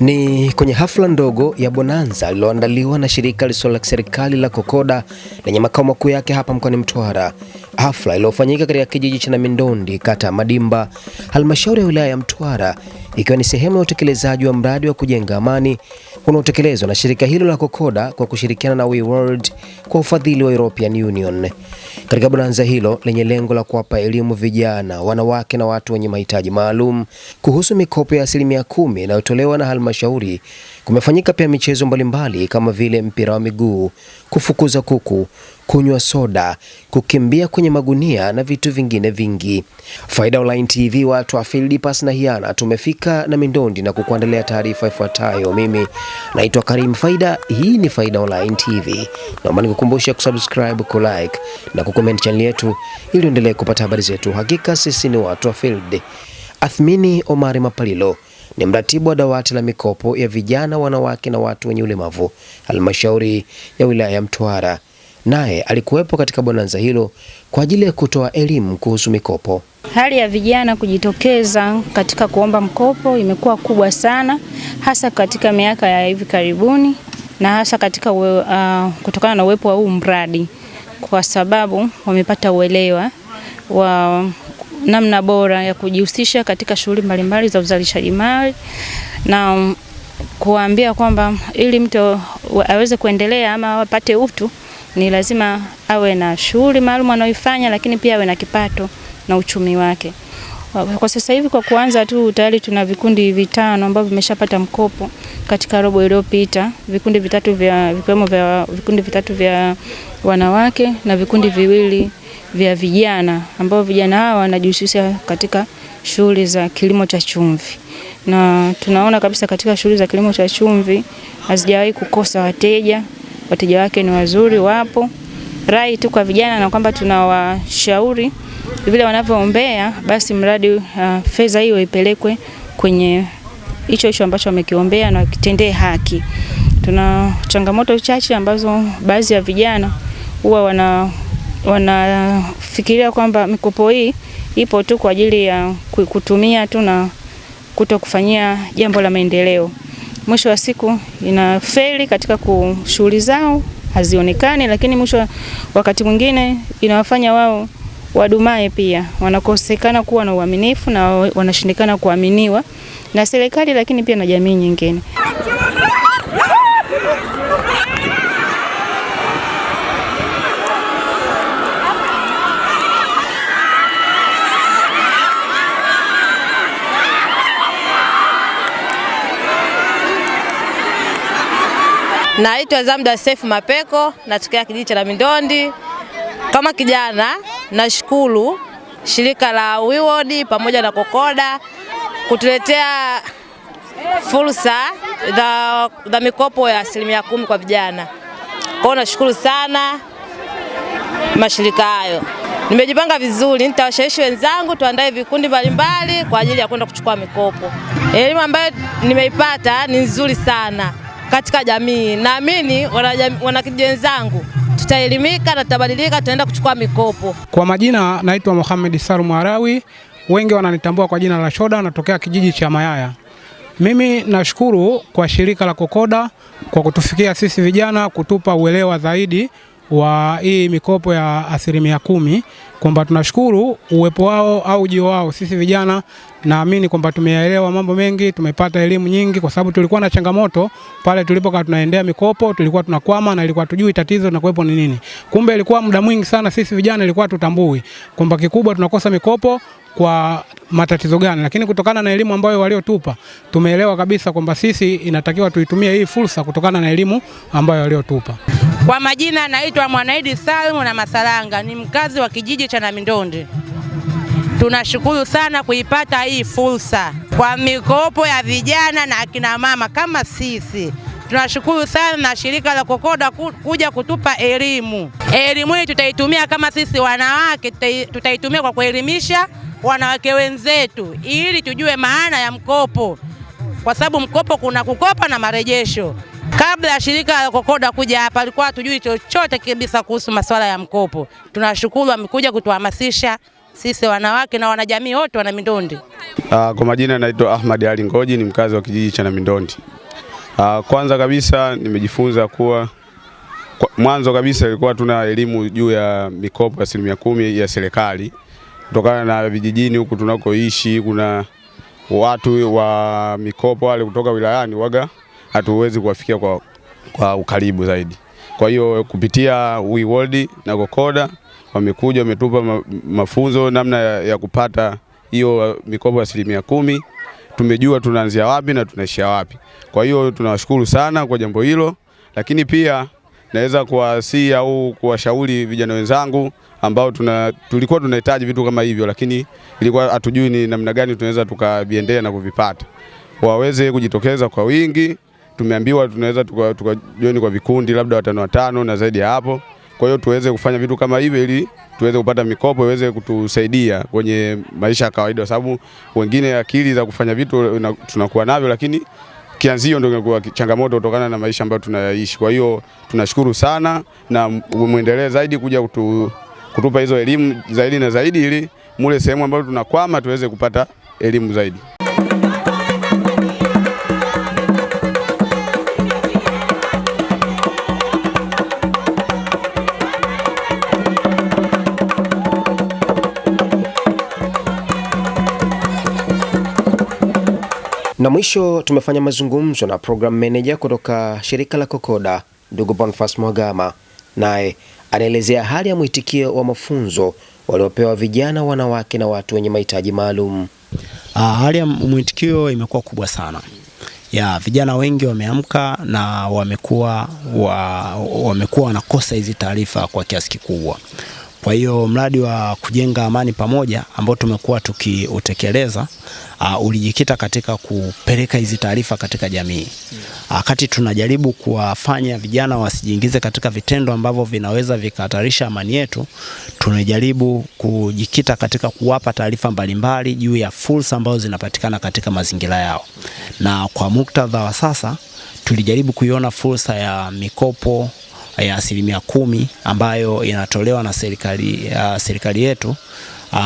Ni kwenye hafla ndogo ya bonanza iliyoandaliwa na shirika lisilo la serikali la COCODA lenye makao makuu yake hapa mkoani Mtwara, hafla iliyofanyika katika kijiji cha namindondi kata ya Madimba, halmashauri ya wilaya ya Mtwara, ikiwa ni sehemu ya utekelezaji wa mradi wa kujenga amani unaotekelezwa na shirika hilo la Kokoda kwa kushirikiana na WeWorld kwa ufadhili wa European Union. Katika bonanza hilo lenye lengo la kuwapa elimu vijana, wanawake na watu wenye mahitaji maalum kuhusu mikopo ya asilimia kumi inayotolewa na, na halmashauri, kumefanyika pia michezo mbalimbali kama vile mpira wa miguu, kufukuza kuku, kunywa soda, kukimbia kwenye magunia na vitu vingine vingi. Faida Online TV, watu wa Fildipas na Hiana, tumefika na Mindondi na kukuandalia taarifa ifuatayo. Mimi naitwa Karim Faida, hii ni Faida Online TV. Naomba nikukumbushe kusubscribe, kulike na kukomenti chaneli yetu ili uendelee kupata habari zetu. Hakika sisi ni watu wa field. Athmini Omari Mapalilo ni mratibu wa dawati la mikopo ya vijana, wanawake na watu wenye ulemavu halmashauri ya wilaya ya Mtwara naye alikuwepo katika bonanza hilo kwa ajili ya kutoa elimu kuhusu mikopo. Hali ya vijana kujitokeza katika kuomba mkopo imekuwa kubwa sana, hasa katika miaka ya hivi karibuni na hasa katika we, uh, kutokana na uwepo wa huu mradi, kwa sababu wamepata uelewa wa namna bora ya kujihusisha katika shughuli mbalimbali za uzalishaji mali na um, kuambia kwamba ili mtu aweze kuendelea ama wapate utu ni lazima awe na shughuli maalum anayoifanya, lakini pia awe na kipato na uchumi wake. Kwa sasa hivi kwa kuanza tu tayari tuna vikundi vitano ambavyo vimeshapata mkopo katika robo iliyopita, vikundi vitatu vya vikiwemo vya vikundi vitatu vya wanawake na vikundi viwili vya vijana ambao vijana hawa wanajihusisha katika shughuli za kilimo cha chumvi, na tunaona kabisa katika shughuli za kilimo cha chumvi hazijawahi kukosa wateja wateja wake ni wazuri, wapo. Rai tu kwa vijana na kwamba tunawashauri vile wanavyoombea, basi mradi uh, fedha hiyo ipelekwe kwenye hicho hicho ambacho wamekiombea na wakitendee haki. Tuna changamoto chache ambazo baadhi ya vijana huwa wana wanafikiria kwamba mikopo hii ipo tu kwa ajili ya kutumia tu na kuto kufanyia jambo la maendeleo mwisho wa siku ina feli katika shughuli zao, hazionekani, lakini mwisho wakati mwingine inawafanya wao wadumae pia, wanakosekana kuwa na uaminifu na wanashindikana kuaminiwa na serikali, lakini pia na jamii nyingine. Naitwa Zamda Seif Mapeko, natokea kijiji cha mindondi Kama kijana, nashukuru shirika la WIWOD pamoja na Kokoda kutuletea fursa za mikopo ya asilimia kumi kwa vijana. Kwa hiyo nashukuru sana mashirika hayo. Nimejipanga vizuri, nitawashawishi wenzangu tuandae vikundi mbalimbali kwa ajili ya kwenda kuchukua mikopo. Elimu ambayo nimeipata ni nzuri sana katika jamii. Naamini wanakijiji zangu tutaelimika na tutabadilika, tutaenda kuchukua mikopo. Kwa majina naitwa Mohamed Salum Arawi, wengi wananitambua kwa jina la Shoda, natokea kijiji cha Mayaya. Mimi nashukuru kwa shirika la Kokoda kwa kutufikia sisi vijana, kutupa uelewa zaidi wa hii mikopo ya asilimia kumi, kwamba tunashukuru uwepo wao au ujio wao. Sisi vijana naamini kwamba tumeyaelewa mambo mengi, tumepata elimu nyingi, kwa sababu tulikuwa na changamoto pale tulipokuwa tunaendea mikopo, tulikuwa tunakwama na ilikuwa tujui tatizo na kuwepo ni nini. Kumbe ilikuwa muda mwingi sana sisi vijana ilikuwa tutambui kwamba kikubwa tunakosa mikopo kwa matatizo gani, lakini kutokana na elimu ambayo waliotupa tumeelewa kabisa kwamba sisi inatakiwa tuitumie hii fursa kutokana na elimu ambayo waliotupa. Kwa majina naitwa Mwanaidi Salmu na Masalanga, ni mkazi wa kijiji cha Namindonde. Tunashukuru sana kuipata hii fursa kwa mikopo ya vijana na akina mama kama sisi. Tunashukuru sana na shirika la Kokoda kuja kutupa elimu. Elimu hii tutaitumia kama sisi wanawake, tutaitumia kwa kuelimisha wanawake wenzetu ili tujue maana ya mkopo, kwa sababu mkopo kuna kukopa na marejesho. Kabla ya shirika la Kokoda kuja hapa, alikuwa hatujui chochote kabisa kuhusu masuala ya mkopo. Tunashukuru amekuja kutuhamasisha sisi wanawake na wanajamii wote wana Mindondi. Uh, kwa majina naitwa Ahmad Ali Ngoji, ni mkazi wa kijiji cha Namindondi. Uh, kwanza kabisa nimejifunza kuwa kwa, mwanzo kabisa ilikuwa tuna elimu juu ya mikopo ya asilimia kumi ya serikali kutokana na vijijini huku tunakoishi kuna watu wa mikopo wale kutoka wilayani waga hatuwezi kuwafikia kwa, kwa ukaribu zaidi. Kwa hiyo kupitia WeWorld na Kokoda wamekuja wametupa mafunzo namna ya, ya kupata hiyo uh, mikopo ya asilimia kumi. Tumejua tunaanzia wapi na tunaishia wapi. Kwa hiyo tunawashukuru sana kwa jambo hilo, lakini pia naweza kuwasii au kuwashauri vijana wenzangu ambao tuna, tulikuwa tunahitaji vitu kama hivyo, lakini ilikuwa hatujui ni namna gani tunaweza tukaviendea na kuvipata, waweze kujitokeza kwa wingi. Tumeambiwa tunaweza tukajoini tuka kwa vikundi labda watano watano na zaidi ya hapo. Kwa hiyo tuweze kufanya vitu kama hivyo ili tuweze kupata mikopo iweze kutusaidia kwenye maisha ya kawaida, kwa sababu wengine akili za kufanya vitu tunakuwa navyo, lakini kianzio ndio inakuwa changamoto kutokana na maisha ambayo tunayaishi. Kwa hiyo tunashukuru sana na mwendelee zaidi kuja kutu, kutupa hizo elimu zaidi na zaidi, ili mule sehemu ambayo tunakwama tuweze kupata elimu zaidi. Na mwisho tumefanya mazungumzo na program manager kutoka shirika la Kokoda ndugu Bonfas Mwagama, naye anaelezea hali ya mwitikio wa mafunzo waliopewa vijana, wanawake na watu wenye mahitaji maalum. Ah, hali ya mwitikio imekuwa kubwa sana ya vijana wengi wameamka na wamekuwa wa, wamekuwa wanakosa hizi taarifa kwa kiasi kikubwa. Kwa hiyo mradi wa kujenga amani pamoja ambao tumekuwa tukiutekeleza uh, ulijikita katika kupeleka hizi taarifa katika jamii wakati hmm. ah, uh, tunajaribu kuwafanya vijana wasijiingize katika vitendo ambavyo vinaweza vikahatarisha amani yetu. Tunajaribu kujikita katika kuwapa taarifa mbalimbali juu ya fursa ambazo zinapatikana katika mazingira yao, na kwa muktadha wa sasa tulijaribu kuiona fursa ya mikopo ya asilimia kumi ambayo inatolewa na serikali, uh, serikali yetu uh,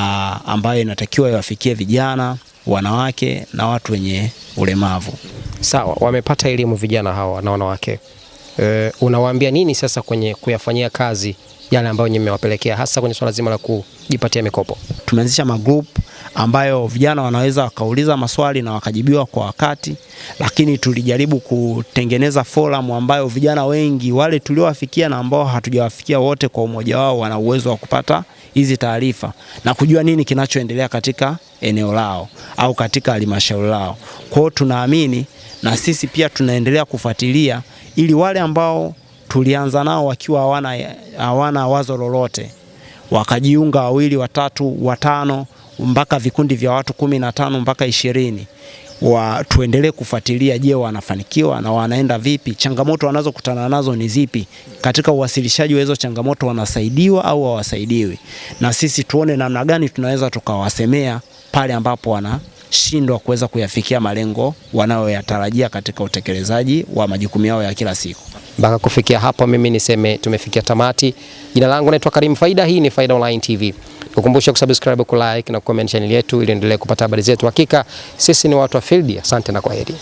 ambayo inatakiwa iwafikie vijana, wanawake na watu wenye ulemavu. Sawa, wamepata elimu vijana hawa na wanawake. E, unawaambia nini sasa kwenye kuyafanyia kazi yale ambayo mmewapelekea hasa kwenye swala zima la kujipatia mikopo. Tumeanzisha magroup ambayo vijana wanaweza wakauliza maswali na wakajibiwa kwa wakati, lakini tulijaribu kutengeneza forum ambayo vijana wengi wale tuliowafikia na ambao hatujawafikia wote kwa umoja wao wana uwezo wa kupata hizi taarifa na kujua nini kinachoendelea katika eneo lao au katika halmashauri lao. Kwao tunaamini na sisi pia tunaendelea kufuatilia ili wale ambao tulianza nao wakiwa hawana hawana wazo lolote, wakajiunga wawili, watatu, watano mpaka vikundi vya watu kumi na tano mpaka ishirini wa tuendelee kufuatilia, je, wanafanikiwa na wanaenda vipi? Changamoto wanazokutana nazo ni zipi? Katika uwasilishaji wa hizo changamoto wanasaidiwa au hawasaidiwi? Na sisi tuone namna gani tunaweza tukawasemea pale ambapo wanashindwa kuweza kuyafikia malengo wanayoyatarajia katika utekelezaji wa majukumu yao ya kila siku. Mpaka kufikia hapa mimi niseme tumefikia tamati. Jina langu naitwa Karim Faida, hii ni Faida Online TV. Nikukumbusha kusubscribe, kulike na kucomment channel yetu ili endelee kupata habari zetu. Hakika sisi ni watu wa field. Asante na kwaheri.